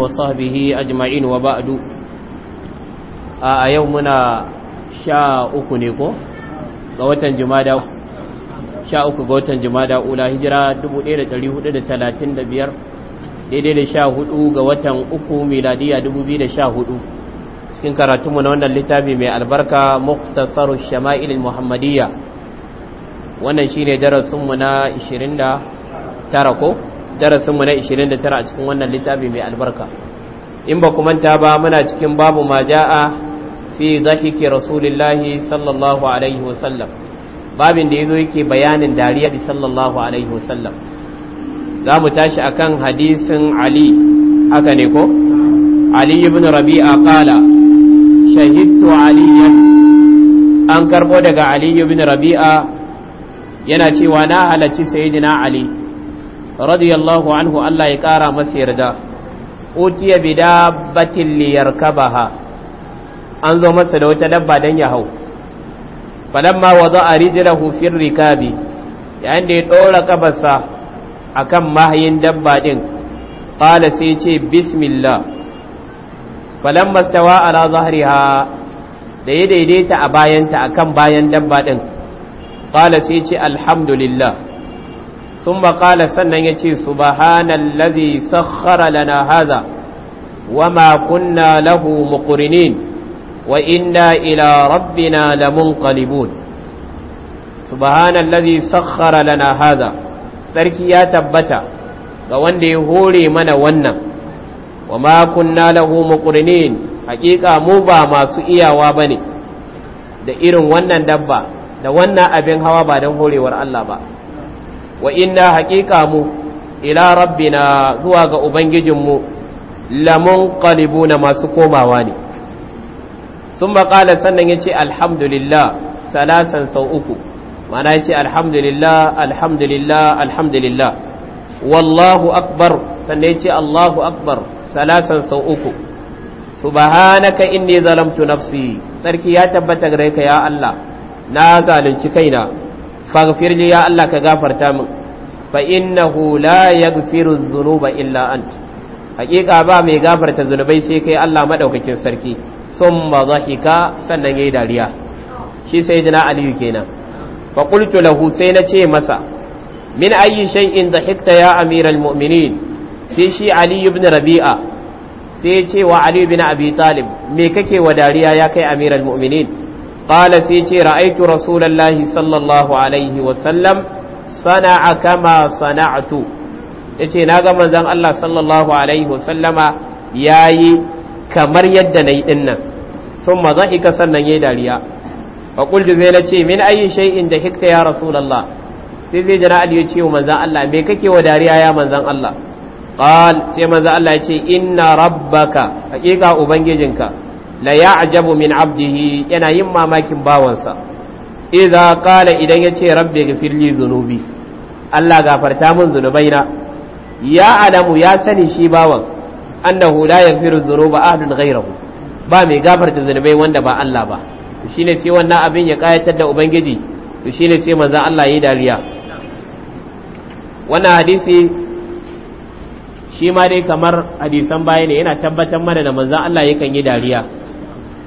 wa wa a وصحبه أجمعين وبعد أيومنا شاء أكنكو tsawatan jumada uku ga watan jumada ula hijira 1435 daidai da sha hudu ga watan uku miladiya 2014 cikin karatunmu na wannan littafi mai albarka muktasaru shama'il muhammadiyya wannan shine darasinmu na 29 ko darasinmu na 29 a cikin wannan littafi mai albarka in ba ku manta ba muna cikin babu maja'a fi zahiki rasulullahi sallallahu alaihi wasallam babin da yazo yake bayanin dariya sallallahu alaihi wasallam za mu tashi akan hadisin ali aka ne ko ali ibn rabi'a qala shahidtu aliyan an karbo daga ali ibn rabi'a yana cewa na halacci sayyidina ali radiyallahu anhu Allah ya ƙara masa yarda utiya bi dabbatin liyarkabaha an zo masa da wata dabba dan ya hau falamma wada'a rijlahu fi rikabi yayin da ya dora kafarsa akan mahayin dabba din qala sai ce bismillah falamma stawa ala zahriha da ya daidaita a bayanta akan bayan dabba din qala sai ce alhamdulillah sun maƙala sannan ya ce subhanan lazi sakhara lana haza wa makunna lahu muqrinin wa inna ila rabbina lamunqalibun subhanan lazi sakhara lana haza sarki ya tabbata ga wanda ya hore mana wannan wa makunna lahu muqrinin hakika mu ba masu iyawa ne da irin wannan dabba da wannan abin hawa ba don horewar Allah ba wa inna haƙiƙa mu ila rabbina zuwa ga ubangijinmu lamun ƙalibu na masu komawa ne sun maƙala sannan ya ce alhamdulillah salasan sau uku mana ya ce alhamdulillah alhamdulillah alhamdulillah wallahu akbar sannan ya ce allahu akbar salasan sau uku subhanaka inni zalamtu nafsi sarki ya tabbata gare ka ya Allah na zalunci kaina faghfir ya Allah ka gafarta min fa innahu la yaghfiru dhunuba illa an. hakika ba mai gafarta zunubai sai kai Allah madaukakin sarki summa dhahika sannan yayi dariya shi sayyidina aliyu kenan fa qultu lahu sai na ce masa min ayyi shay'in dhahikta ya amiral mu'minin sai shi Aliyu ibn rabi'a sai cewa Aliyu wa ali abi talib me kake wa dariya ya kai amiral mu'minin qala sai ce ra'aytu rasulallahi sallallahu alaihi wa sallam sana'a kama sana'atu yace na ga manzan Allah sallallahu alaihi wasallama yayi kamar yadda nayi dinnan nan thumma ika sannan yayi dariya fa qultu zai ce min ayi in da hikta ya rasulullah sai zai jira Ali yace wa manzan Allah me kake wa dariya ya manzan Allah qal sai manzan Allah ce inna rabbaka hakika ubangijinka la ya'jabu min abdihi yana yin mamakin bawansa idza qala idan ya yace rabbi ghfirli dhunubi Allah gafarta min na ya Adamu ya sani shi bawan annahu la yaghfiru dhunuba ahadun ghayrahu ba mai gafarta zunubai wanda ba Allah ba shine sai wannan abin ya kayatar da ubangiji to shine sai manzo Allah yayi dariya wannan hadisi shi ma dai kamar hadisan baya ne yana tabbatar mana da manzo Allah yakan yi dariya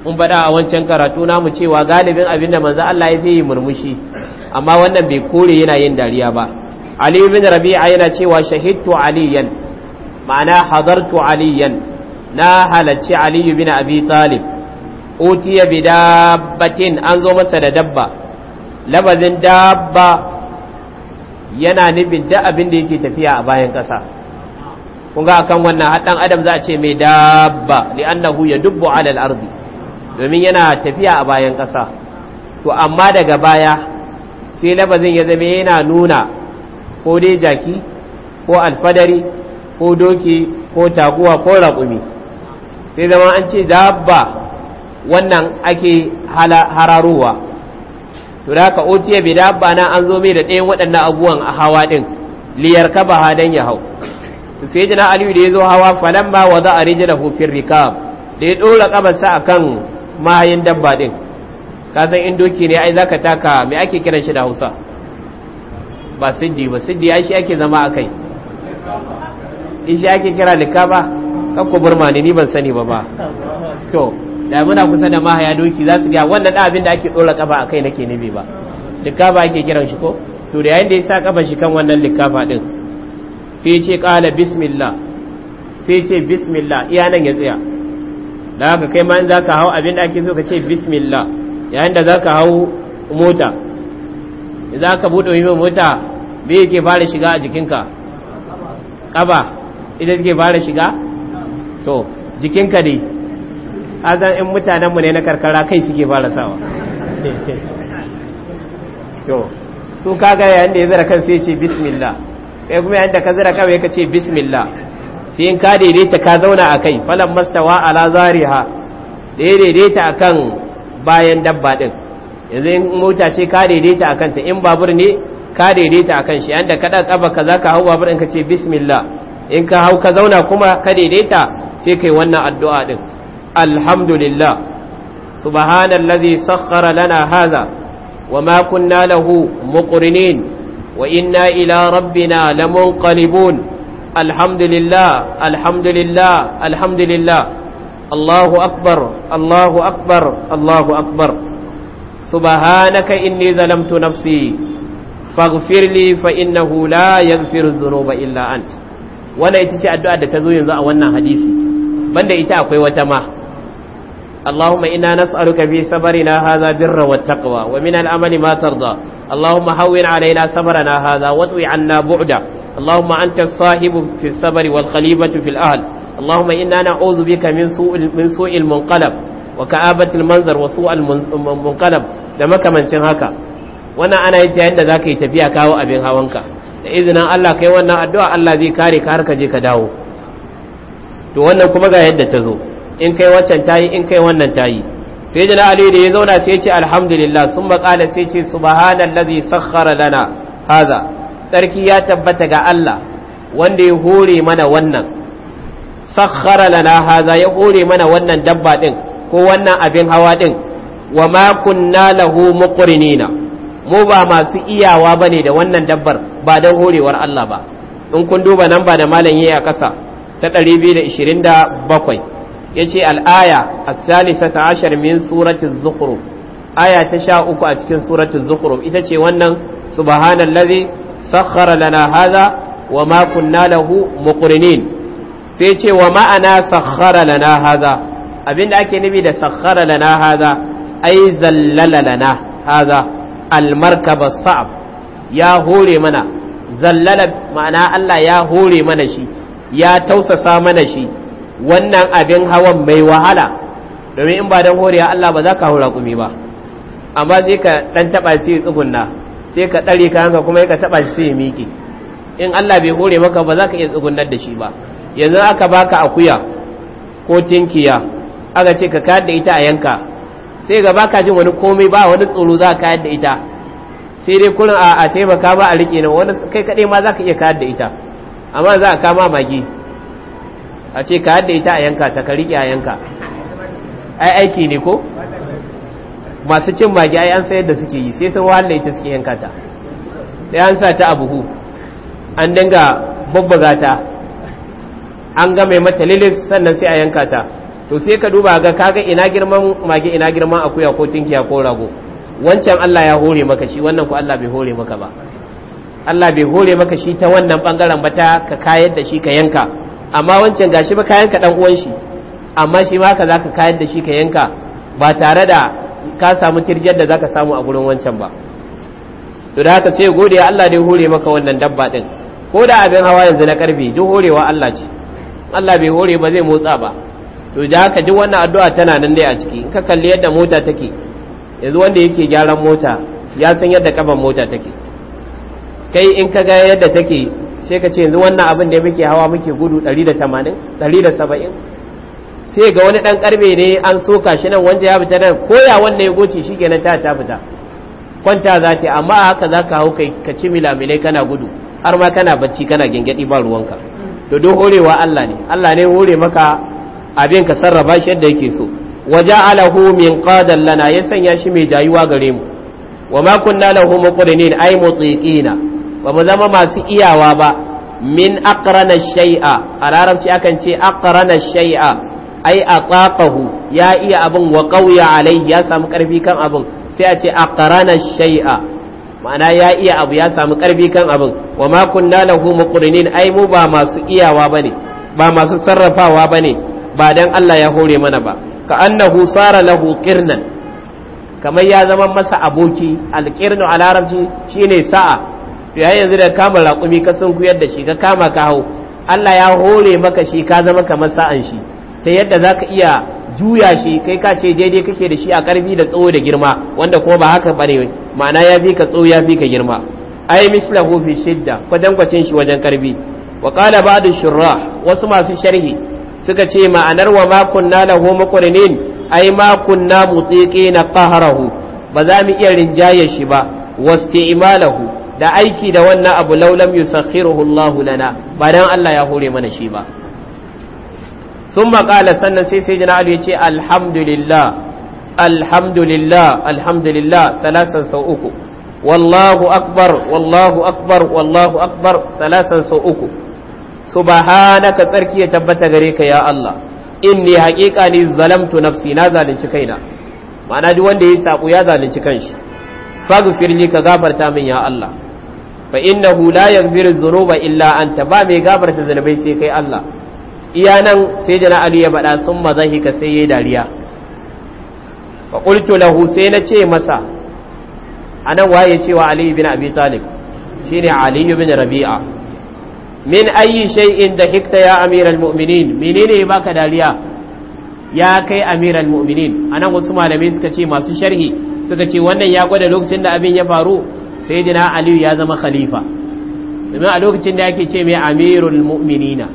mun faɗa a wancan karatu namu cewa galibin abin da manzo Allah ya yi murmushi amma wannan bai kore yana yin dariya ba Ali ibn Rabi'a yana cewa shahidtu aliyan ma'ana hadartu aliyan na halacci Ali ibn Abi Talib utiya bi dabbatin an zo masa da dabba labazin dabba yana nufin da abin da yake tafiya a bayan ƙasa kun ga akan wannan haɗan adam za a ce mai dabba li'annahu ya dubbu alal ardi domin yana tafiya a bayan ƙasa to amma daga baya sai labazin ya zama yana nuna ko dai jaki ko alfadari ko doki ko taguwa ko raƙumi sai zama an ce dabba wannan ake hararowa to da ka otiya bi dabba na an zo mai da ɗayan waɗannan abuwan a hawa ɗin liyar ka ba hadon ya hau sai jina aliyu da ya zo hawa falamma wa za a rijina hufin rikab da ya ɗora ƙabarsa a kan mahayin dabba ɗin. ka san in doki ne ai ka taka me ake kiran shi da Hausa ba siddi ba siddi ya shi ake zama a kai. in shi ake kira lika ba kakko burma ne ni ban sani ba ba to da muna kusa da mahaya doki za su ga wannan da abin da ake dora kafa akai nake nibi ba likaba ake kiran shi ko to da yayin da ya sa kafa shi kan wannan ba ɗin sai ce kala bismillah sai ce bismillah iya nan ya tsaya da haka kai ma in za ka hau abin da ake so ka ce bismillah yayin da za ka hau mota za ka buɗe wani mota bai yake fara shiga a jikinka ƙaba idan ke fara shiga to jikinka dai azan in mutanenmu ne na karkara kai suke fara sawa to su kaga yayin da ya zira kan sai ce bismillah kai kuma yayin da ka zira kawai ka ce bismillah sai in ka daidaita ka zauna a kai Falon mastawa ala zariha da ya daidaita a kan bayan dabba ɗin yanzu in mota ce ka daidaita a kanta in babur ne ka daidaita a kan shi an da kaɗa ka za ka hau babur in ka ce bismillah in ka hau ka zauna kuma ka daidaita sai kai wannan addu'a ɗin alhamdulillah subhanallazi sakhkhara lana haza وما كنا له مقرنين وإنا إلى ربنا لمنقلبون alhamdulillah alhamdulillah alhamdulillah Allahu akbar Allahu akbar Allahu akbar subhanaka inni zalamtu nafsi faghfir li fa innahu la yaghfiru dhunuba illa ant wannan ita ce addu'a da ta zo yanzu a wannan hadisi banda ita akwai wata ma اللهم إنا نسألك في سفرنا هذا بر والتقوى ومن الأمل ما ترضى اللهم هون علينا سفرنا هذا واطوي عنا بعده اللهم أنت الصاحب في السبر والخليفة في الأهل اللهم إنا نعوذ بك من سوء من سوء المنقلب وكآبة المنظر وسوء المنقلب da makamancin haka wannan ana yin yayin da ka yi tafiya kawo abin hawanka da izinin Allah kai wannan addu'a Allah zai kare ka har ka je ka dawo to wannan kuma ga yadda ta zo in kai waccan tayi in kai wannan tayi sai jina ali da ya zauna sai ce alhamdulillah sun maƙala sai ce subhanallazi sakhkhara lana haza Sarki ya tabbata ga Allah wanda ya hore mana wannan sakhara lana haza ya hore mana wannan dabba din ko wannan abin hawa din wa ma kunna lahu muqrinina mu ba masu iyawa bane da wannan dabbar ba don horewar Allah ba in kun duba nan ba da malam yayi a kasa ta 227 yace al'aya as-salisata ashar min surati az-zukhruf aya ta sha uku a cikin surati az-zukhruf ita ce wannan subhanallazi sakhara lana hadha wa ma kunna lahu sai ce wa ma'ana sakhara lana haza abinda ake nufi da sakhara lana haza ai zallala lana haza almarkaba sa'ab ya hore mana zallala ma'ana Allah ya hore mana shi ya tausasa mana shi wannan abin hawan mai wahala domin in ba don a Allah ba za ka hura kumi ba amma zai ka dan taba ce tsugunna sai ka ɗare ka hanka kuma ka taɓa shi sai ya miƙe in Allah bai hore maka ba za ka iya tsugunar da shi ba yanzu aka baka akuya ko tinkiya aka ce ka kayar da ita a yanka sai ga baka jin wani komai ba wani tsoro za ka kayar da ita sai dai kurin a taimaka ba a rike nan wani kai kaɗai ma za ka iya kayar da ita amma za a kama magi a ce kayar da ita a yanka ta ka rike a yanka ai aiki ne ko masu cin magi ai an sayar da suke yi sai sun wahala ta suke yanka ta sai an sa ta a buhu an dinga babba ta an ga mai mata lilis sannan sai a yanka ta to sai ka duba ga kaga ina girman magi ina girman akuya ko tinkiya ko rago wancan Allah ya hore maka shi wannan ku Allah bai hore maka ba Allah bai hore maka shi ta wannan bangaren ba ta ka kayar da shi ka yanka amma wancan gashi ba ka yanka dan uwan shi amma shi ma ka zaka kayar da shi ka yanka ba tare da ka samu tirjiyar da zaka samu a gurin wancan ba to da haka sai gode Allah dai hore maka wannan dabba din ko da abin hawa yanzu na karfe duk horewa Allah ce Allah bai hore ba zai motsa ba to da haka duk wannan addu'a tana nan dai a ciki in ka kalli yadda mota take yanzu wanda yake gyaran mota ya san yadda kaban mota take kai in ka ga yadda take sai ka ce yanzu wannan abin da muke hawa muke gudu 180 saba'in. sai ga wani dan karbe ne an soka shi nan wanda ya fita nan koya wanda ya goce shi kenan ta ta fita kwanta za ta amma haka za ka hau kai ka ci milamilai kana gudu har ma kana bacci kana gingadi ba ruwanka to don horewa Allah ne Allah ne hore maka abin ka sarrafa shi yadda yake so waja'alahu min qadan lana ya sanya shi mai jayuwa gare mu wa ma kunna lahu muqrinin ay mutiqina ba mu zama masu iyawa ba min aqrana shay'a a larabci akan ce aqrana shay'a ai ataqahu ya iya abin wa qawya alai ya samu karfi kan abin sai a ce a aqrana shai'a ma'ana ya iya abu ya samu karfi kan abin wa ma kunna lahu muqrinin ai mu ba masu iyawa bane ba masu sarrafawa bane ba dan Allah ya hore mana ba ka annahu sara lahu qirnan kamar ya zama masa aboki alqirnu a larabci shine sa'a to ya yanzu da kama raƙumi ka sun kuyar da shi ka kama ka hau Allah ya hore maka shi ka zama kamar sa'an shi ta yadda za ka iya juya shi kai ka ce daidai kake da shi a karfi da tsawo da girma wanda kuma ba haka bane ma'ana ya fi ka tsawo ya fi ka girma ai mislahu fi shidda kwatankwacin shi wajen karfi wa qala ba'du shurrah wasu masu sharhi suka ce ma'anar wa ma kunna lahu muqrinin ai ma kunna mutiqina qahrahu ba za mu iya rinjaye shi ba wasti'malahu da aiki da wannan abu laulam yusakhiruhu Allahu lana ba dan Allah ya hore mana shi ba sun maƙala sannan sai sai jina ya ce alhamdulillah alhamdulillah alhamdulillah salasan sau uku wallahu akbar wallahu akbar wallahu akbar salasan sau uku subhanaka tsarki ya tabbata gare ka ya Allah inni haƙiƙa ni zalamtu nafsi na zalunci kaina ma'ana duk wanda ya saƙo ya zalunci kanshi faghfir li ka gafarta min ya Allah fa innahu la yaghfiru dhunuba illa anta ba mai gafarta zunubai sai kai Allah iya nan sai jana ali ya bada sun mazahika sai ya yi dariya ba qultu lahu sai na ce masa a nan waye cewa ali bin abi talib ne ali bin rabi'a min ayi shay'in da hikta ya amiral mu'minin menene baka dariya ya kai amiral mu'minin anan wasu malamai suka ce masu sharhi suka ce wannan ya gwada lokacin da abin ya faru sai jina aliyu ya zama khalifa domin a lokacin da yake ce mai amirul mu'minina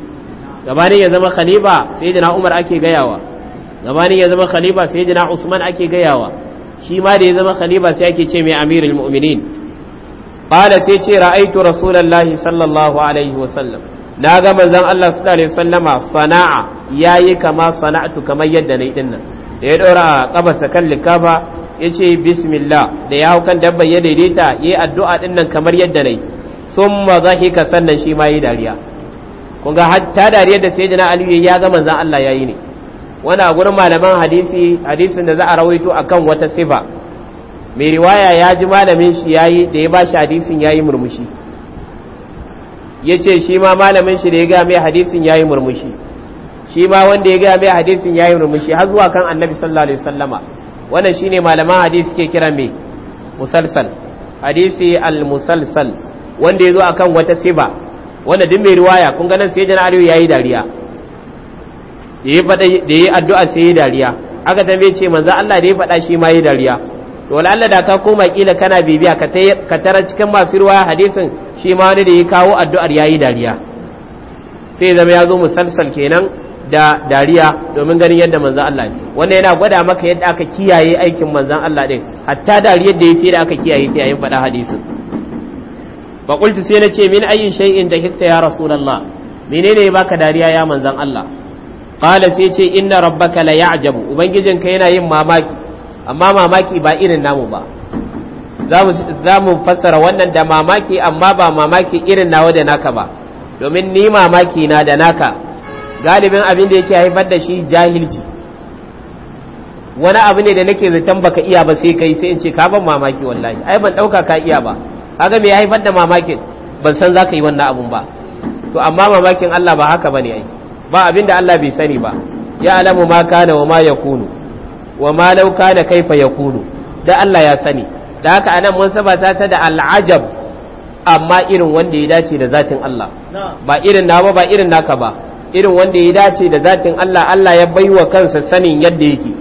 gabani ya zama khalifa sayyidina Umar ake gayawa gabani ya zama khalifa sayyidina Usman ake gayawa shi ma da ya zama khalifa sai ake ce mai amirul mu'minin qala sai ce ra'aitu rasulullahi sallallahu alaihi sallam na ga manzon Allah sallallahu alaihi sallama sana'a yayi kama sana'atu kamar yadda nayi din nan da ya dora kabarsa kan likafa yace bismillah da ya kan dabba ya daidaita yayi addu'a din nan kamar yadda nayi summa zahika sannan shi ma yi dariya kun ga hatta dariyar da sayyidina ali ya ga zan Allah yayi ne wani a gurin malaman hadisi hadisin da za a rawaito akan wata sifa mai riwaya ya ji malamin shi yayi da ya ba shi hadisin yayi murmushi yace shi ma malamin shi da ya ga mai hadisin yayi murmushi shi ma wanda ya ga mai hadisin yayi murmushi har zuwa kan annabi sallallahu alaihi wasallama wannan shine malaman hadisi ke kira mai musalsal hadisi al musalsal wanda yazo akan wata sifa wanda duk mai riwaya kun ganin sai jana aliyu yayi dariya da ya faɗa da yayi addu'a sai yayi dariya aka tambaye ce manzo Allah da ya faɗa shi ma yi dariya to wala Allah da ka koma kila kana bibiya ka ka tara cikin masu riwaya hadisin shi ma wani da ya kawo addu'ar yayi dariya sai zama ya zo musalsal kenan da dariya domin ganin yadda manzan Allah ne wannan yana gwada maka yadda aka kiyaye aikin manzan Allah din hatta dariyar da yake da aka kiyaye ta yayin faɗa hadisin ba sai sai nace min ayin shay'in da hikta ya rasulullah menene ya baka dariya ya manzon Allah qala sai ce inna rabbaka la ya'jabu ka yana yin mamaki amma mamaki ba irin namu ba za mu fassara wannan da mamaki amma ba mamaki irin nawa da naka ba domin ni mamaki na da naka galibin abin da yake haifar da shi jahilci wani abu ne da nake zaton baka iya ba sai kai sai in ce ka ban mamaki wallahi ai ban dauka ka iya ba kaga me ya haifar da mamakin ban san zaka yi wannan abun ba to amma mamakin Allah ba haka bane ai ba abinda Allah bai sani ba ya alamu ma kana wa ma yakunu wa ma law kana kaifa yakunu da Allah ya sani da haka anan mun saba ta da al'ajab amma irin wanda ya dace da zatin Allah ba irin na ba ba irin naka ba irin wanda ya dace da zatin Allah Allah ya baiwa kansa sanin yadda yake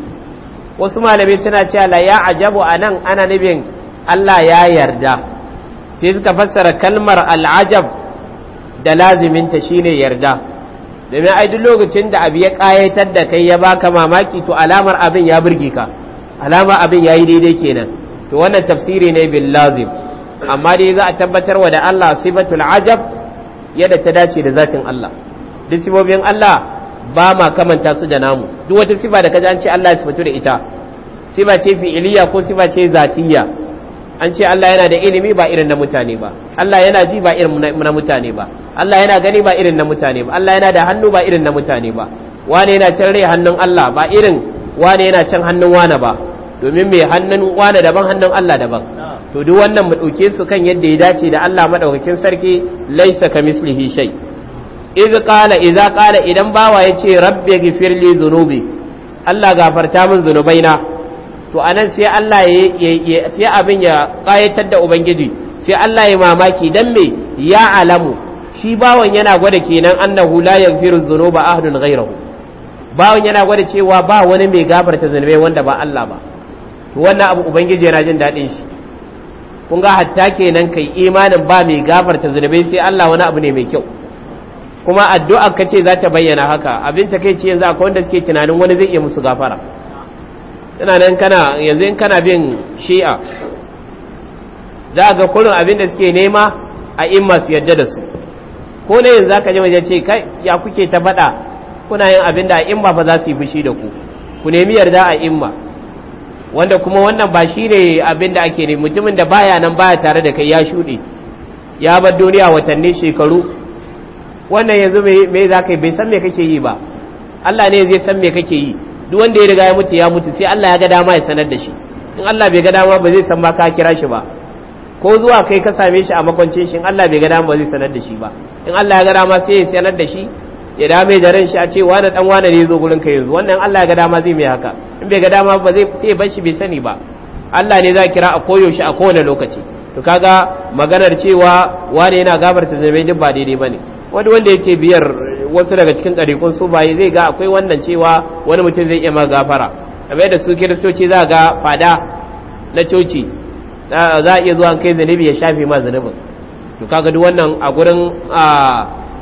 wasu malamai suna cewa la ya ajabu anan ana nabin Allah ya yarda sai suka fassara kalmar al'ajab da laziminta shine yarda domin ai duk lokacin da abu ya kayatar da kai ya baka mamaki to alamar abin ya burge ka alamar abin yayi daidai kenan to wannan tafsiri ne bil lazim amma dai za a tabbatar wa da Allah sifatul ajab yadda ta dace da zatin Allah duk sifofin Allah ba ma kamanta su da namu duk wata sifa da kaji an ce Allah ya sifatu da ita sifa ce fi'iliya ko sifa ce zatiyya an ce Allah yana da ilimi ba irin na mutane ba Allah yana ji ba irin na mutane ba Allah yana gani ba irin na mutane ba Allah yana da hannu ba irin na mutane ba wane yana can rai hannun Allah ba irin wane yana can hannun wane ba domin mai hannun wane daban hannun Allah daban to duk wannan mu dauke su kan yadda ya dace da Allah madaukakin sarki laisa mislihi shay iz qala idza qala idan bawa yace rabbi ghfirli dhunubi Allah gafarta min na. to anan sai Allah ya sai abin ya ƙayatar da ubangiji sai Allah ya mamaki dan me ya alamu shi bawan yana gwada kenan annahu la yaghfiru dhunuba ahadun ghayruhu bawan yana gwada cewa ba wani mai gafarta zunubai wanda ba Allah ba to wannan abu ubangiji yana jin daɗin shi kun ga hatta kenan kai imanin ba mai gafarta zunubai sai Allah wani abu ne mai kyau kuma addu'a ce za ta bayyana haka abin ta ce yanzu akwai wanda suke tunanin wani zai iya musu gafara yana nan kana yanzu in kana bin shi'a za ga kullum abin da suke nema a imma su yadda da su ko ne yanzu zaka ji wajen ce kai ya kuke ta faɗa kuna yin abin da a imma ba za su yi fushi da ku ku nemi yarda a imma wanda kuma wannan ba shi ne abin da ake ne mutumin da baya nan baya tare da kai ya shuɗe ya bar duniya watanni shekaru wannan yanzu me za ka yi bai san me kake yi ba Allah ne zai san me kake yi duk wanda ya riga ya mutu ya mutu sai Allah ya ga dama ya sanar da shi in Allah bai ga dama ba zai san ma ka kira shi ba ko zuwa kai ka same shi a makwancin shi in Allah bai ga dama ba zai sanar da shi ba in Allah ya ga dama sai ya sanar da shi ya dame da ran shi a ce wani dan wani ne zo gurin ka yanzu wannan Allah ya ga dama zai mai haka in bai ga dama ba zai sai bar shi bai sani ba Allah ne za kira a koyo shi a kowane lokaci to kaga maganar cewa wani yana gafarta zai duk ba daidai bane wani wanda yake biyar wasu daga cikin ɗarikun su baye zai ga akwai wannan cewa wani mutum zai iya magafara amma da su kiristoci za ga fada na coci za a iya zuwa kai zunubi ya shafe ma zunubin to kaga duk wannan a gurin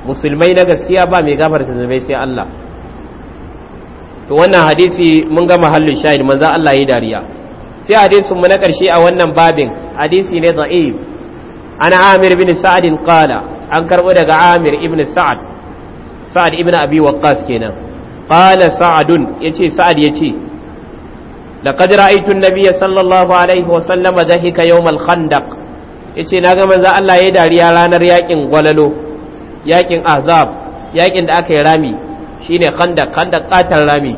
musulmai na gaskiya ba mai ta zunubai sai Allah to wannan hadisi mun ga mahallin shahid manzo Allah yi dariya sai hadisin mu na karshe a wannan babin hadisi ne da'if ana Amir bin sa'ad qala an karbo daga amir ibn sa'ad sa'ad ibn abi waqqas kenan qala sa'adun yace sa'ad yace laqad ra'aytu an-nabiyya sallallahu alaihi wa sallama dhahika yawm al-khandaq yace naga manzo Allah ya dariya ranar yakin gwalalo yakin ahzab yakin da aka yi rami shine khandaq khandaq qatar rami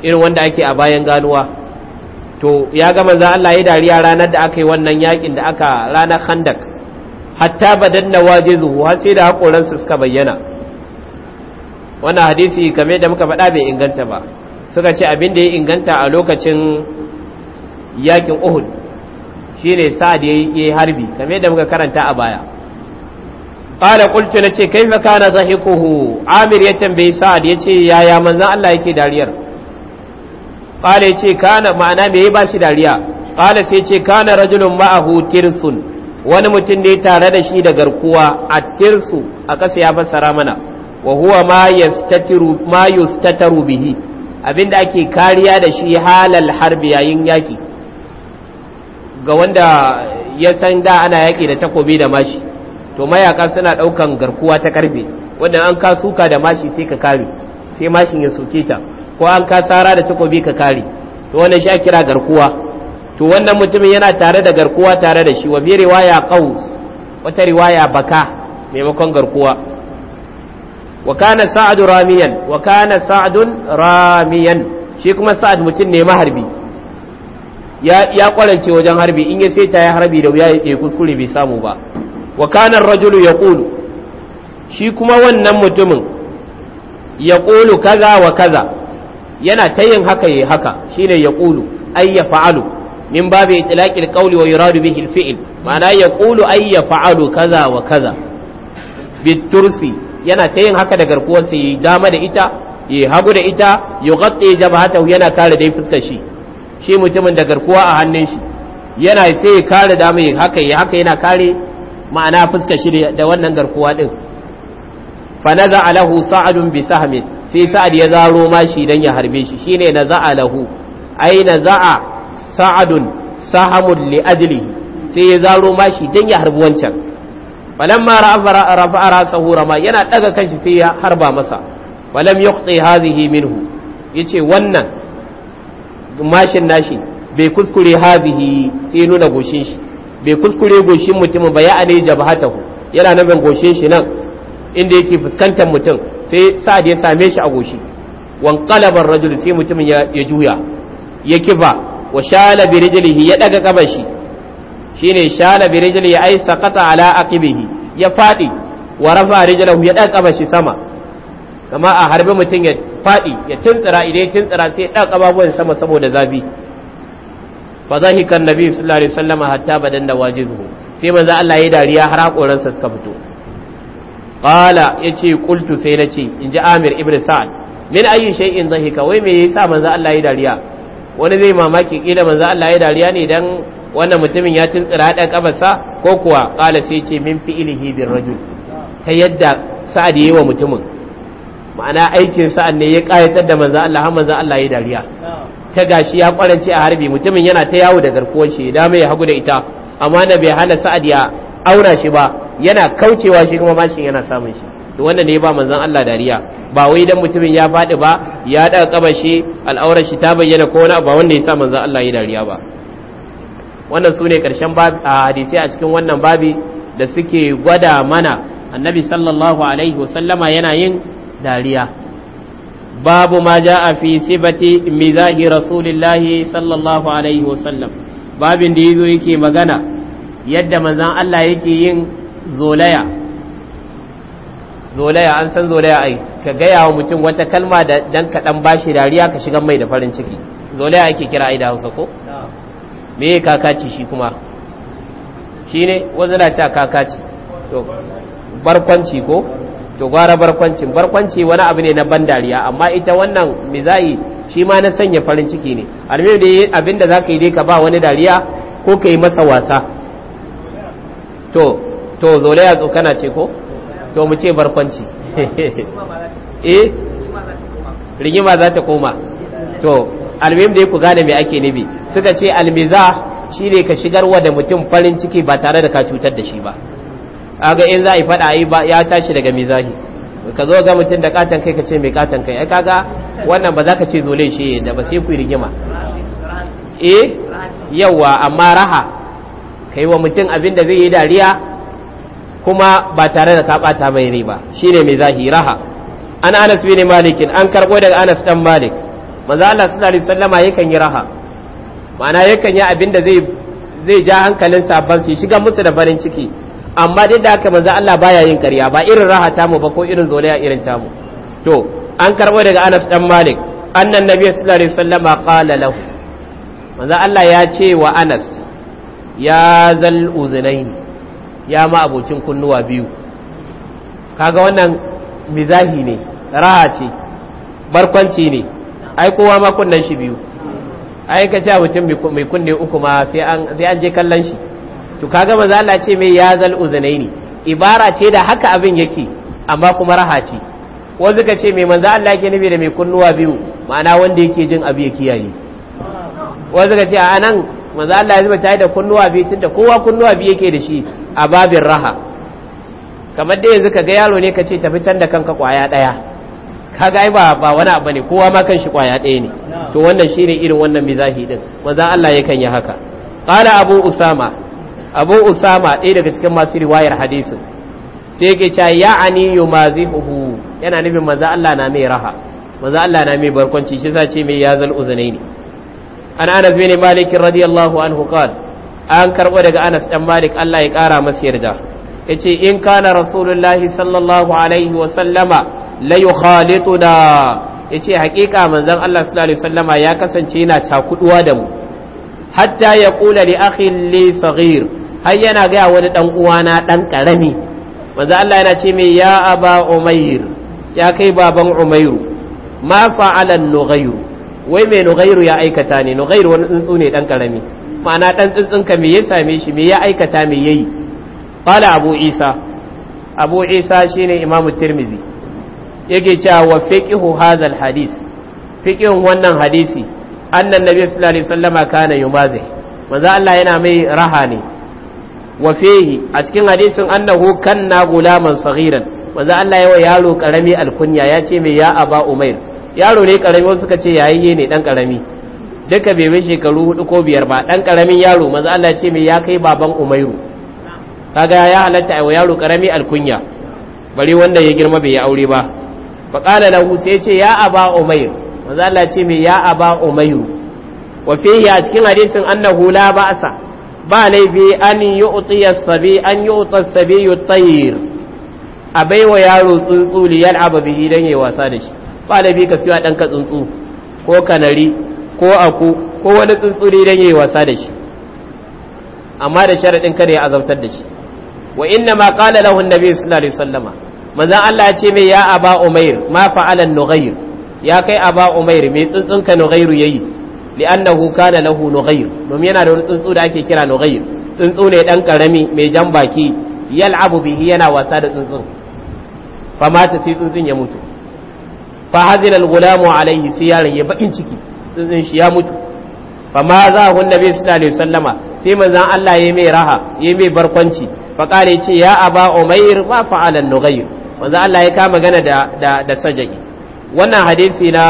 irin wanda ake a bayan ganuwa to ya ga manzo Allah ya dariya ranar da aka yi wannan yakin da aka ranar khandaq hatta badan na zuhu har sai da haƙoransu suka bayyana wannan hadisi kamar da muka faɗa bai inganta ba suka ce abin da ya inganta a lokacin yakin Uhud shine sa'ad yi harbi kamar da muka karanta a baya ce kai nace na zahi kuhu amir ya tambayi sa'ad ya yaya manzan Allah yake dariyar qala ce kana ma'ana me ba shi dariya ƙada sai yace kana rajulun ma'ahu tirsun wani mutum ne tare da shi da garkuwa a tirsu a ƙasa ya fassara mana wa huwa ma yustataru bihi abinda ake kariya da shi halal harbi yayin yaki ga wanda ya san da ana yaki da takobi da mashi to mayaka suna ɗaukan garkuwa ta karfe wanda an ka suka da mashi sai ka kare sai mashin ya soke ta ko an ka sara da takobi ka kare to wannan shi kira garkuwa to wannan mutumin yana tare da garkuwa tare da shi wa bi riwaya qaus wata riwaya baka maimakon garkuwa wa kana sa'ad ramiyan wa kana sa'ad ramiyan shi kuma sa'ad mutum ne maharbi ya ya kwarance wajen harbi in ya saita ya harbi da wuya ya kuskure bai samu ba wa kana ar-rajulu yaqulu shi kuma wannan mutumin yaqulu kaza wa kaza yana ta yin haka yayi haka shine yaqulu ay fa'alu min babu itlaqil القول wa به الفعل al-fi'l ma'ana yaqulu ay yaf'alu kaza wa kaza yana ta yin haka da garkuwar sa yi dama da ita yi hagu da ita ya yughatti jabhatahu yana kare dai fuskar shi shi mutumin da garkuwa a hannun shi yana sai ya kare dama yi haka yi haka yana kare ma'ana fuskar shi da wannan garkuwa din fa naza alahu sa'adun bi sahmin sai sa'ad ya zaro mashi dan ya harbe shi shine naza alahu ai naza'a sa'adun sahamun li ajlihi sai ya zaro mashi dan ya harbi wancan falam ma rafa'a rasahu rama yana daga kanshi sai ya harba masa walam yuqti hadhihi minhu yace wannan mashin nashi bai kuskure hadhihi sai nuna goshin shi bai kuskure goshin mutum ba ya alai jabhatahu yana nan goshin shi nan inda yake fuskantar mutum sai sa'ad ya same shi a goshi wanqalaba ar-rajul sai mutumin ya juya ya kiba wa shala bi rijlihi ya daga kabashi shine shala bi rijlihi ay saqata ala aqibihi ya fadi wa rafa rijlahu ya daga kabashi sama kama a harbi mutum ya fadi ya tuntsira idan ya tuntsira sai ya daga kababuwan sama saboda zabi fa zahika annabi sallallahu alaihi wasallam hatta badan da wajizuhu sai manzo Allah ya dariya har hakoransa suka fito qala yace qultu sai nace inji Amir ibn Sa'ad min ayi shay'in dhahika wai me yasa manzo Allah ya dariya wani zai mamaki kila manzo Allah ya dariya ne dan wannan mutumin ya tuntsira da kafarsa ko kuwa qala sai ce min fi'lihi bir rajul ta yadda sa'ad yayi wa mutumin ma'ana aikin sa'ad ne ya kayatar da manzo Allah har manzo Allah ya dariya ta gashi ya kwarance a harbi mutumin yana ta yawo da garkuwar shi da mai hagu da ita amma na bai hana sa'ad ya aura shi ba yana kaucewa shi kuma mashin yana samun shi to wanda ne ba manzon Allah dariya ba wai dan mutumin ya fadi ba ya daga kabashe al'aurar shi ta bayyana ko wani ba wanda yasa manzon Allah ya dariya ba wannan sune karshen hadisi a cikin wannan babi da suke gwada mana annabi sallallahu alaihi wasallama yana yin dariya babu ma ja'a fi sibati mizahi rasulillahi sallallahu alaihi wasallam babin da yazo yake magana yadda manzon Allah yake yin zolaya zolaya an san zolaya ai ka gaya wa mutum wata kalma da dan ka dan bashi dariya ka shiga mai da farin ciki zolaya ake kira ai da Hausa ko me kakaci shi kuma shine wanda na ta kakaci to barkwanci ko to gwara barkwanci barkwanci wani abu ne na ban dariya amma ita wannan mizai shi ma na sanya farin ciki ne almin da abinda zaka yi dai ka ba wani dariya ko ka yi masa wasa to to zolaya tsokana ce ko to mu ce barkwanci eh rigima za ta koma to almim da ya ku gane me ake nibi suka ce almiza ne ka shigarwa da mutum farin ciki ba tare da ka cutar da shi ba A ga in za a yi fada a yi ba ya tashi daga mizahi ka zo ga mutum da katon kai ka ce mai katon kai ai kaga wannan ba za ka ce zole shi da ba sai ku rigima eh yawa amma raha kai wa mutum abin da zai yi dariya kuma ba tare da ta bata mai rai ba shine mai zahiraha an Anas bin Malik an karbo daga Anas dan Malik manzo Allah sallallahu alaihi wasallama yakan yi raha ma'ana yakan yi abin da zai zai ja hankalin sabban su shiga musu da farin ciki amma duk da haka manzo Allah baya yin ƙarya ba irin raha tamu ba ko irin zolaya irin tamu to an karbo daga Anas dan Malik annan nabi sallallahu alaihi wasallama qala lahu manzo Allah ya ce wa Anas ya zal uzunaini ya ma abokin kunnuwa biyu kaga wannan mizahi ne raha ce barkwanci ne ai kowa ma kunnan shi biyu ai ka ce mutum mai kunne uku ma sai an je kallon shi to kaga maza Allah ce mai ya zal uzunaini ibara ce da haka abin yake amma kuma raha ce wanda ka ce mai manzo Allah yake nufi da mai kunnuwa biyu ma'ana wanda yake jin abu ya kiyaye wanda ka ce a nan manzo Allah ya zuba tai da kunnuwa biyu tunda kowa kunnuwa biyu yake da shi a babin raha kamar dai yanzu ka ga yaro ne ka ce tafi can da kanka kwaya ɗaya ka ga ba ba wani abu ne kowa ma kanshi kwaya ɗaya ne to wannan shine irin wannan mizahi din manzon Allah yakan yi haka qala abu usama abu usama ɗaya daga cikin masu riwayar hadisi sai yake cewa ya'ani yumazihu yana nufin manzon Allah na mai raha manzon Allah na mai barkwanci shi sa ce mai yazal uzunaini an anas ne malik radiyallahu anhu qala an karɓo daga anas ɗan malik allah ya ƙara masa yarda ya ce in kana rasulullahi sallallahu alaihi wa sallama la yukhalituna ya ce haƙiƙa manzan allah sallallahu alaihi wa sallama ya kasance yana cakuduwa da mu hatta ya ƙula li akhin li saghir har yana gaya wani ɗan uwana dan karami manzo Allah yana ce mai ya aba umair ya kai baban umairu ma fa'ala nughayr wai mai nughayr ya aikata ne nughayr wani tsuntsu ne dan karami ma'ana ɗan tsintsinka me ya same shi me ya aikata me yayi qala abu isa abu isa shine imamu tirmizi yake cewa wa fiqhu hadha hadith wannan hadisi annan nabi sallallahu alaihi wasallama kana yumazi manzo Allah yana mai raha ne wa fihi a cikin hadisin annahu kanna gulaman saghiran manzo Allah yawa yaro karami alkunya ya ce mai ya aba umair yaro ne karami suka ce yayi ne ɗan karami duka bai bai shekaru hudu ko biyar ba dan karamin yaro maza Allah ce mai ya kai baban umairu kaga ya halatta a yaro karami alkunya bari wanda ya girma bai yi aure ba fa qala lahu sai ce ya aba umair maza Allah ce mai ya aba umairu wa fihi a cikin hadisin annahu la ba'sa ba laifi an yu'ti as-sabi an yu'ta as-sabi a baiwa yaro tsuntsu liyal ababi idan yayi wasa da shi ba laifi ka dan ka tsuntsu ko kanari ko aku ko wani tsuntsuri don yayi wasa da shi amma da sharaɗin kada ya azabtar da shi wa inna ma qala lahu nabi sallallahu alaihi sallama manzon Allah ya ce mai ya aba umair ma fa'ala nughayr ya kai aba umair mai tsuntsun ka nughayr yayi li'annahu kana lahu nughayr domin yana da wani tsuntsu da ake kira nughayr tsuntsu ne dan karami mai jan baki yal'abu bihi yana wasa da tsuntsun fa mata sai tsuntsun ya mutu fa hazila al-gulamu alayhi sai yaron ya bakin ciki din shi ya mutu fa ma za hu nabi sallallahu alaihi wasallama sai manzon Allah yayi mai raha yayi mai barkwanci fa kare ce ya aba umair ma fa'ala nughayr manzon Allah ya kama gana da da, da sajaki wannan hadisi na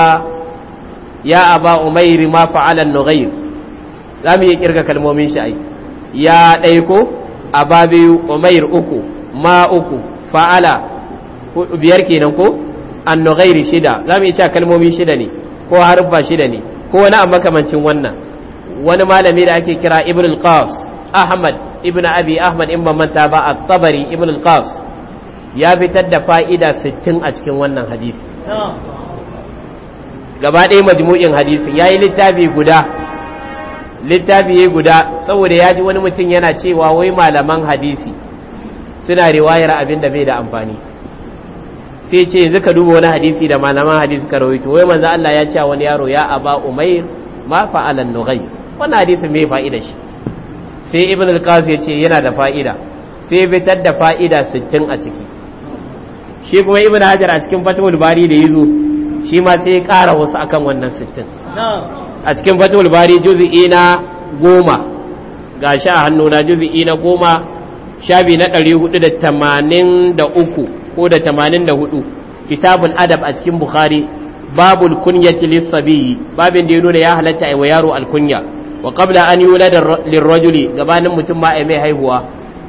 ya aba umair ma fa'ala nughayr zamu yi kirga kalmomin shi ai ya daiko ko aba biyu umair uku ma uku fa'ala biyar kenan ko an ghairi shida zamu yi cewa kalmomi shida ne ko harfa shida ne ko wani a makamancin wannan wani malami da ake kira ibn al-qas ahmad ibn abi ahmad in ban manta ba a tabari ibn al-qas ya fitar da fa'ida 60 a cikin wannan hadisi gaba ɗaya majmu'in hadisin yi littafi guda littafi guda saboda ya ji wani mutum yana cewa wai malaman hadisi suna riwayar abin da bai da amfani sai ce yanzu ka duba wani hadisi da malaman hadisi ka rawaito wai manzo Allah ya ce wani yaro ya aba umair ma fa'ala nughay wannan hadisi mai fa'ida shi sai ibn al-qas ya ce yana da fa'ida sai fitar da fa'ida 60 a ciki shi kuma ibn hajar a cikin fatul bari da yizo shi ma sai ya kara wasu akan wannan 60 a cikin fatul bari juz'i na 10 gashi a na juz'i na 10 shabi na 483 ko da tamanin da 84 kitabul adab a cikin bukhari babul kunyati lissabiyi babin da ya nuna ya halatta a yaro alkunya wa qabla an yulada lirrajuli gabanin mutum ma ai mai haihuwa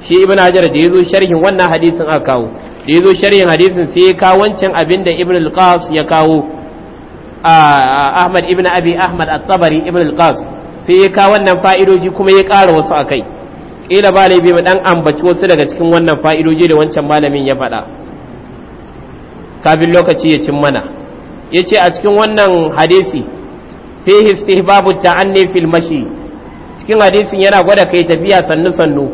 shi ibn hajar da yazo sharhin wannan hadisin aka kawo da yazo sharhin hadisin sai ya kawo wancan abin da ibn al ya kawo ahmad ibn abi ahmad at-tabari ibn al sai ya kawo wannan fa'idoji kuma ya ƙara wasu akai kila ba laifi mu dan ambaci wasu daga cikin wannan fa'idoji da wancan malamin ya faɗa kafin lokaci ya cin mana Ya ce a cikin wannan hadisi fi istihbabu ta'anni fil mashi cikin hadisin yana gwada kai tafiya sannu sannu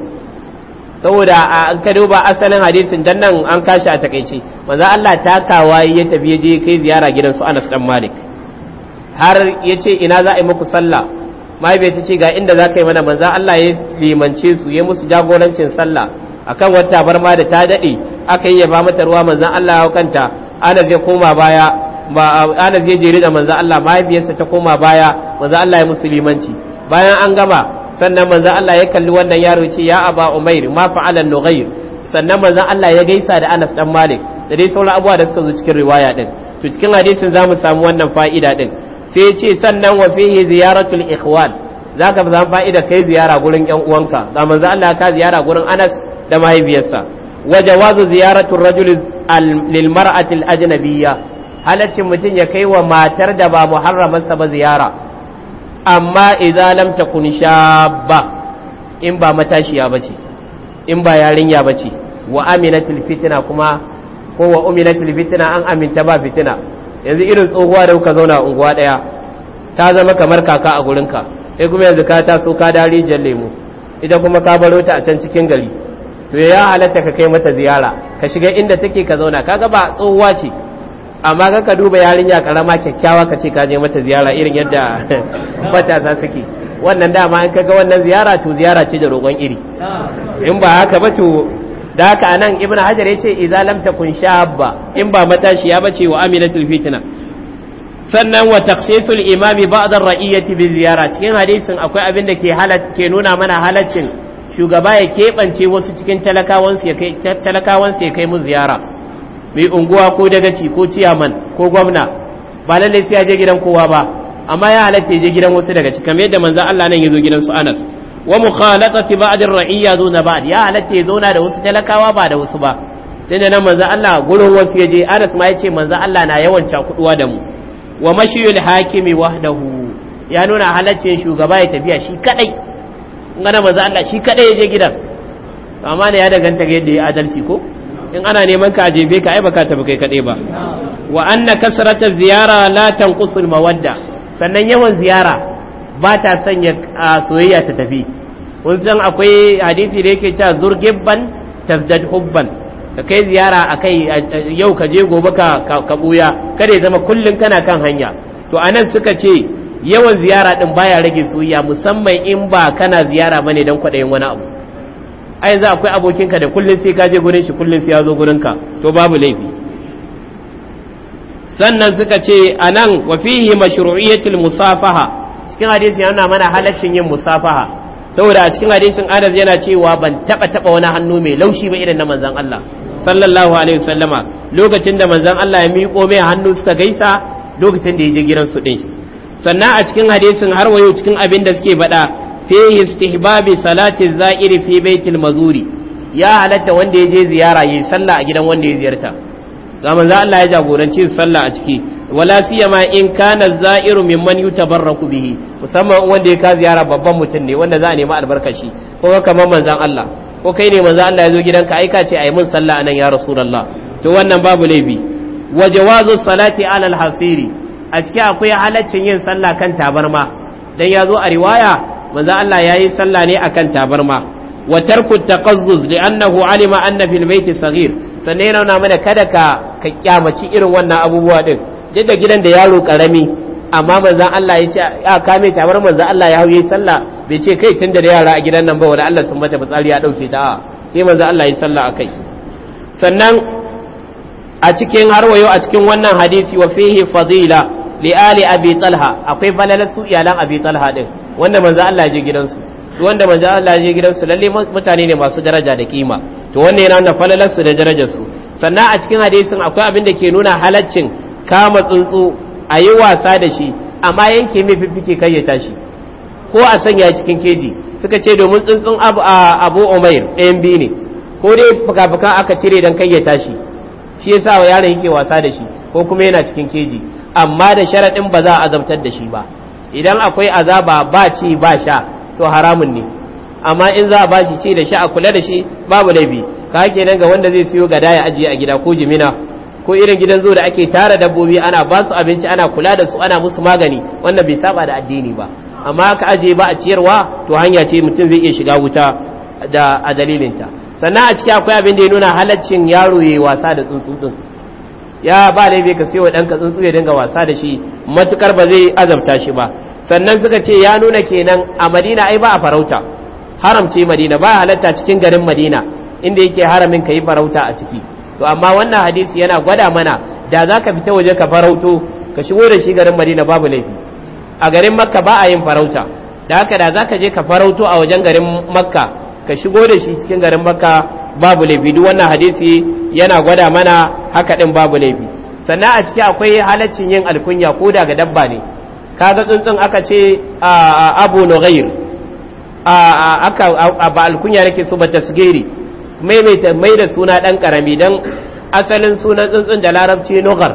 saboda an ka duba asalin hadisin dan nan an kashi a takaice manzo Allah kawa ya tafi je kai ziyara gidan su Anas dan Malik har ya ce ina za a yi muku sallah mahaifiyar ta ce ga inda za ka yi mana manzo Allah ya limance su ya musu jagorancin sallah akan wata barma da ta dade aka yi ba mata ruwa manzan Allah ya kanta Anas ya koma baya ba Anas ya jere da manzan Allah mahaifiyarsa ta koma baya manzan Allah ya musulmanci bayan an gama sannan manzan Allah ya kalli wannan yaro ce ya aba umair ma fa'ala nughair sannan manzan Allah ya gaisa da Anas dan Malik da dai sauran abubuwa da suka zo cikin riwaya din to cikin hadisin zamu samu wannan fa'ida din sai ce sannan wa fihi ziyaratul ikhwan za ka zama fa'ida kai ziyara gurin ‘yan uwanka, ga manzan Allah ka ziyara gurin Anas da mahaifiyarsa. wajawazu ziyaratu ziyaratul rajul lil mar'ati al ajnabiyya halaccin mutum ya kai wa matar da ba muharramansa ba ziyara amma idza lam takun shabba in ba matashiya bace in ba yarinya bace wa aminatul fitna kuma ko wa uminatul fitna an aminta ba fitina yanzu irin tsohuwa da kuka zauna unguwa daya ta zama kamar kaka a gurinka sai kuma yanzu ka taso ka dari jan lemu ita kuma ka baro ta a can cikin gari to ya halatta ka kai mata ziyara ka shiga inda take ka zauna kaga ba tsohuwa ce amma ga ka duba yarinya karama kyakkyawa ka ce ka je mata ziyara irin yadda matasa suke wannan dama in kaga wannan ziyara to ziyara ce da rogon iri in ba haka ba to da haka anan ibnu hajar yace idza lam takun shabba in ba matashiya bace wa aminatul fitna sannan wa taqsisul imami ba'da ar-ra'iyati bi ziyara cikin hadisin akwai abin da ke halat ke nuna mana halaccin shugaba ya keɓance wasu cikin talakawansu ya kai mu ziyara mai unguwa ko dagaci ko ciyaman ko gwamna ba lallai sai ya je gidan kowa ba amma ya halatta ya je gidan wasu daga cikin kamar yadda manzo Allah nan ya zo gidan su Anas wa mukhalatati ba'd ar-ra'iyya zuna ba'd ya halatta ya zauna da wasu talakawa ba da wasu ba tunda nan manzo Allah gurin wasu ya je Anas ma ya ce manzo Allah na yawan cakuduwa da mu wa mashiyul hakimi wahdahu ya nuna halaccin shugaba ya tafiya shi kadai gana maza Allah shi kadai ya je gidan amma ne ya daganta ga yadda ya adalci ko in ana neman ka ajebe ka ai baka tafi kai kadai ba wa anna kasratu ziyara la tanqusul mawadda sannan yawan ziyara ba ta sanya soyayya ta tafi kun san akwai hadisi da yake cewa zurgibban tazdad hubban ka kai ziyara akai yau ka je gobe ka ka buya kada ya zama kullun kana kan hanya to anan suka ce yawan ziyara din baya rage soyayya musamman in ba kana ziyara bane dan kwaɗayin wani abu ai za akwai abokinka da kullun sai ka je gurin shi kullun sai ya zo gurin ka to babu laifi sannan suka ce anan wa fihi mashru'iyatul musafaha cikin hadisi yana mana halaccin yin musafaha saboda a cikin hadisin Anas yana cewa ban taba taba wani hannu mai laushi ba irin na manzon Allah sallallahu alaihi wasallama lokacin da manzon Allah ya miƙo mai hannu suka gaisa lokacin da ya je gidan su din sannan a cikin hadisin har wayo cikin abin da suke baɗa fi istihbabi salati za'iri fi baitil mazuri ya halatta wanda ya je ziyara yi sallah a gidan wanda ya ziyarta ga manzo Allah ya jagoranci sallah a ciki wala siyama in kana za'iru mimman yutabarraku bihi musamman wanda ya ka ziyara babban mutum ne wanda za a nemi shi. ko kamar manzon Allah ko kai ne manzo Allah ya zo gidanka ai ka ce ai mun sallah anan ya rasulullah to wannan babu laifi wa jawazu salati ala al-hasiri a ciki akwai halaccin yin sallah kan tabarma dan yazo a riwaya manzo Allah ya yi sallah ne akan tabarma wa tarku taqazzuz li'annahu alima anna fil bayti saghir sannan yana mana kada ka ka kyamaci irin wannan abubuwa din duk da gidan da yaro karami amma manzo Allah ya ce a kame tabarma manzo Allah ya yi sallah bai ce kai tunda da yara a gidan nan ba wanda Allah sun mata fitsari ya dauke ta sai manzo Allah ya yi sallah akai sannan a cikin harwayo a cikin wannan hadisi wa fihi fadila li ali abi talha akwai falalatu iyalan abi talha din wanda manzo Allah ya je gidansu wanda manzo Allah ya gidansu lalle mutane ne masu daraja da kima to wannan yana nuna da darajar su sannan a cikin hadisin akwai abin da ke nuna halaccin kama tsuntsu a yi wasa da shi amma yanke mai fifike kai ya tashi ko a sanya cikin keji suka ce domin tsuntsun abu abu umair ɗayan biyu ne ko dai fuka aka cire don kai ya tashi shi yasa wa yaron yake wasa da shi ko kuma yana cikin keji amma da sharaɗin ba za a azabtar da shi ba idan akwai azaba ba ci ba sha to haramun ne amma in za a ba shi ci da sha a kula da shi babu laifi ka ke nan ga wanda zai siyo gada ya ajiye a gida ko jimina ko irin gidan zo da ake tara dabbobi ana ba su abinci ana kula da su ana musu magani wannan bai saba da addini ba amma ka ajiye ba a ciyarwa to hanya ce mutum zai iya shiga wuta da a dalilinta sannan a ciki akwai abin da ya nuna halaccin yaro ya yi wasa da tsuntsu ya ba laifi ka siyo ɗanka tsuntsu ya dinga wasa da shi matukar ba zai azabta shi ba sannan suka ce ya nuna kenan a madina ai ba a farauta haramci madina ba halatta cikin garin madina inda yake haramin ka yi farauta a ciki to amma wannan hadisi yana gwada mana da za ka fita waje ka farauto ka shigo da shi garin madina babu laifi a garin makka ba a yin farauta da haka da za ka je ka farauto a wajen garin makka ka shigo da shi cikin garin makka babu laifi duk wannan hadisi yana gwada mana haka din babu laifi sannan a ciki akwai halaccin yin alkunya ko daga dabba ne kaga tsuntsun aka ce abu nughair aka ba alkunya nake so ba tasgiri mai mai da suna dan karami dan asalin sunan tsuntsun da larabci nughar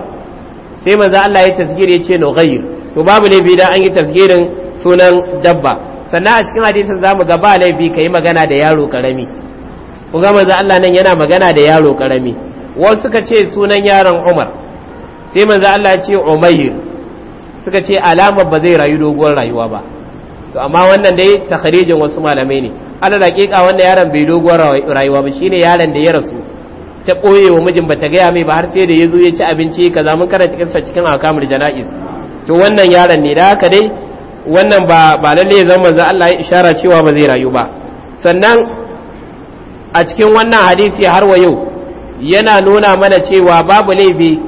sai manzo Allah ya tasgiri ya ce nughair to babu laifi dan an yi tasgirin sunan dabba sannan a cikin hadisin zamu ga ba laifi kai magana da yaro karami ku ga manzo Allah nan yana magana da yaro karami wasu suka ce sunan yaron Umar sai manzo Allah ya ce Umayr suka ce alamar ba zai rayu doguwar rayuwa ba to amma wannan dai takharijin wasu malamai ne ala daƙiƙa wannan yaron bai doguwar rayuwa ba shine yaron da ya rasu ta koye wa mijin bata gaya mai ba har sai da ya zo ya ci abinci kaza mun karanta kinsa cikin akamul jana'iz to wannan yaron ne da haka dai wannan ba ba lalle ya zama manzo Allah ya ishara cewa ba zai rayu ba sannan a cikin wannan hadisi har wa yau yana nuna mana cewa babu laifi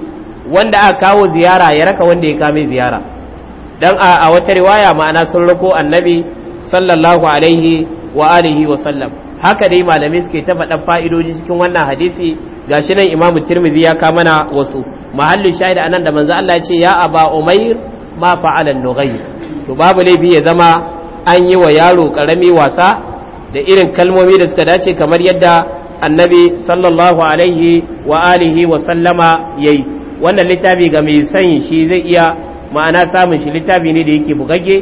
wanda aka kawo ziyara ya raka wanda ya kame ziyara dan a wata riwaya ma'ana sun rako annabi sallallahu alaihi wa alihi wa sallam haka dai malamai suke ta faɗan fa'idoji cikin wannan hadisi gashi nan imamu tirmidhi ya ka mana wasu mahallin shahida anan da manzo Allah ya ce ya aba umair ma fa'ala nughayr to babu laifi ya zama an yi wa yaro karami wasa da irin kalmomi da suka dace kamar yadda annabi sallallahu alaihi wa alihi wa sallama yayi wannan littafi ga mai san shi zai iya ma'ana samun shi littafi ne da yake bugagge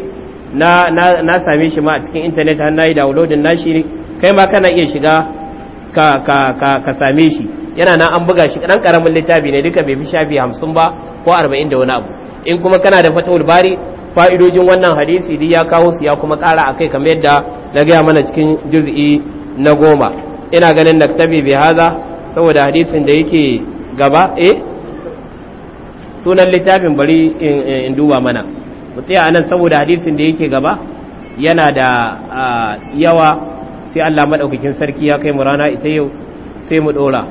na na same shi ma a cikin internet har nayi downloadin nashi kai ma kana iya shiga ka ka ka, ka same shi yana nan an buga shi dan karamin littafi ne duka bai fi shafi 50 ba ko 40 da wani abu in kuma kana da fatahul bari fa'idojin wannan hadisi da ya kawo su ya kuma ƙara kai kamar yadda na gaya mana cikin juz'i na goma ina ganin na tabi bai haza saboda hadisin da yake gaba eh? sunan littafin bari in duba mana mu tsaya anan saboda hadisin da yake gaba yana da yawa sai Allah maɗaukakin sarki ya kai mu rana ita yau sai mu ɗora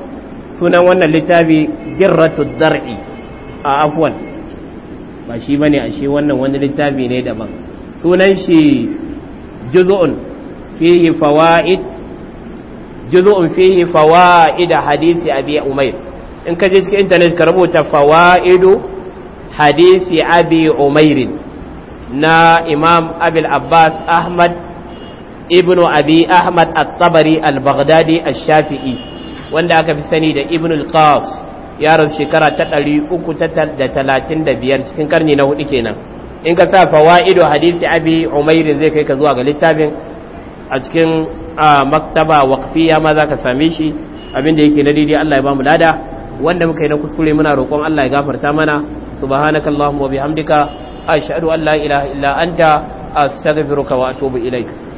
sunan wannan littafi girratu dar'i a afuwan. ba shi bane she wannan wani littafi ne daban sunan shi juz'un fihi fawaid juz'un fihi fawaid hadisi abi umair in ka je cikin internet ka rubuta fawaidu hadisi abi umair na imam abul abbas ahmad ibnu abi ahmad at-tabari al-baghdadi ash-shafi'i wanda aka fi sani da ibnu al yaron shekara ta ɗari uku da talatin da biyar cikin karni na hudu kenan in ka sa fawa'ido hadisi abi umairin zai kai ka zuwa ga littafin a cikin maktaba waqfiya ma za ka same shi abinda yake na daidai Allah ya bamu lada wanda muka yi na kuskure muna roƙon Allah ya gafarta mana subhanakallahumma wa bihamdika ashhadu an la ilaha illa anta astaghfiruka wa atubu ilaik